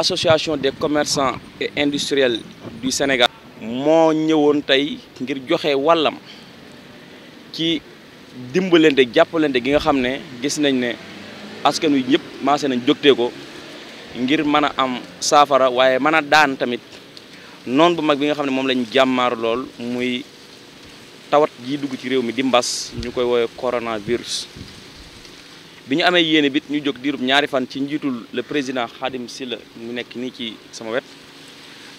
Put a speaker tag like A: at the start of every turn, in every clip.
A: association de commerçants et industriels du Sénégal moo ñëwoon tey ngir joxe wàllam ci dimbalante jàppalante gi nga xam ne gis nañ ne askan wi ñëpp maase nañ jógtee ko ngir mën a am saafara waaye mën a daan tamit noonu bu mag bi nga xam ne moom lañu jàmmaar lool muy tawat ji dugg ci réew mi di mbas ñu koy woowee coronavirus bi ñu amee yéene bit ñu jóg diirub ñaari fan ci njiitul le président Khadim Sylla mu nekk nii ci sama wet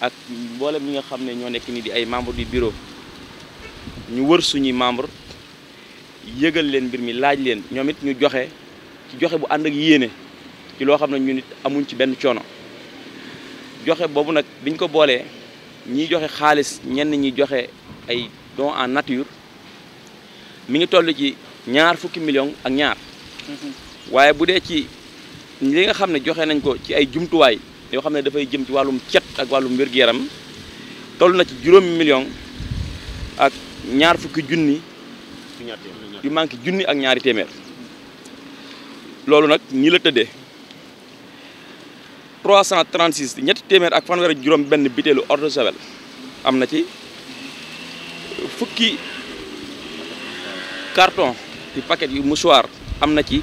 A: ak mboolem mi nga xam ne ñoo nekk nii di ay membre du bureau ñu wër suñuy membre yëgal leen mbir mi laaj leen ñoom it ñu joxe ci joxe bu ànd ak yéene ci loo xam ne ñun it amuñ ci benn coono joxe boobu nag biñ ko boolee ñiy joxe xaalis ñenn ñi joxe ay dons en nature mu ngi toll ci ñaar fukki million ak ñaar mm-hmm. waaye bu dee ci li nga xam ne joxe nañ ko ci ay jumtuwaay yoo xam ne dafay jëm ci wàllum cet ak wàllum wér-gu-yaram toll na ci juróomi million ak ñaar fukki junni yu manqué junni ak ñaari téeméer loolu nag ñi la tëddee 336 ñetti téeméer ak fanweer ak juróom benn bitéelu eau de javel ci fukki carton ci paquet yu mouchoir amna na ci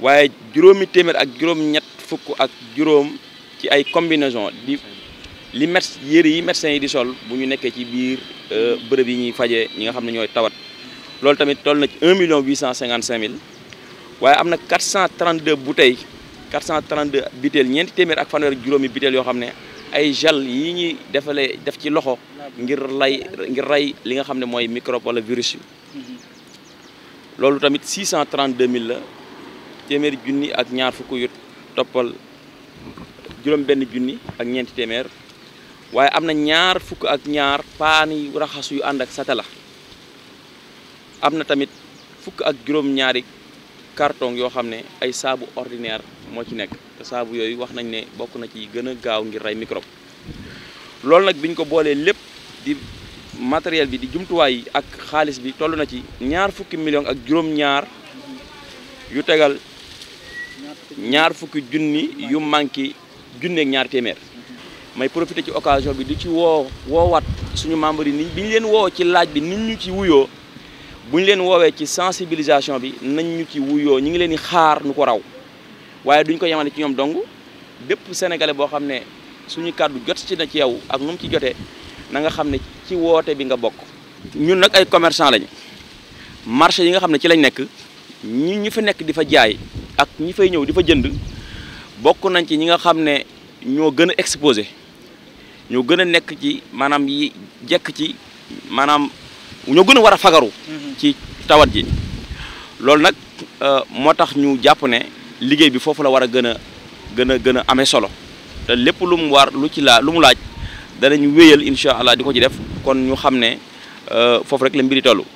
A: waaye juróomi téeméer ak juróom-ñett fukk ak juróom ci ay combinaison di li mét yére yi médecins yi di sol bu ñu nekkee ci biir euh, bërëb yi ñuy fajee ñi nga xam ne ñooy tawat loolu tamit toll na ci 1 million 855 mille waaye am na 432 bouteilles 432 butéel ñeenti téeméer ak fanweer juróomi butéel yoo xam ne ay gel yi ñuy defalee def ci loxo ngir lay ngir ray li nga xam ne mooy microbe wala virus yi mm-hmm. loolu tamit mille la téeméeri junni ak ñaar fukk yu toppal juróom benn junni ak ñeenti téeméer waaye am na ñaar fukk ak ñaar paani raxasu yu ànd ak satela am na tamit fukk ak juróom ñaari carton yoo xam ne ay saabu ordinaire moo ci nekk saabu yooyu wax nañ ne bokk na ci gën a gaaw ngir rey microbe loolu nag biñ ko boolee lépp di matériel bi di jumtuwaay yi ak xaalis bi toll na ci ñaar fukki million ak juróom-ñaar yu tegal ñaar fukki junni yu manqué junni ak ñaar téeméer may profité ci occasion bi du ci woo woowaat suñu membre yi ni bi ñu leen woow ci laaj bi nit ñu ci wuyoo bu ñu leen woowee ci sensibilisation bi nañ ñu ci wuyoo ñu ngi leen di xaar nu ko raw waaye duñ ko yemale ci ñoom dong bépp sénégalais boo xam ne suñu kàddu jot ci na ci yow ak nu ci jote na nga xam ne ci woote bi nga bokk. ñun nag ay commerçant lañ marché yi nga xam ne ci lañ nekk ñi ñu fa nekk di fa jaay. ak ñi fay ñëw di fa jënd bokk nañ ci ñi nga xam ne ñoo gën a exposé ñoo gën a nekk ci maanaam yi jekk ci maanaam ñoo gën a war a fagaru mhm. ci tawat ji loolu nag euh, moo tax ñu jàpp ne liggéey bi foofu la war a gën a gën a gën a amee solo te lépp lu mu war lu ci laa lu mu laaj danañ wéyal incha allah di ko ci def kon ñu xam ne euh, foofu rek la mbiri tollu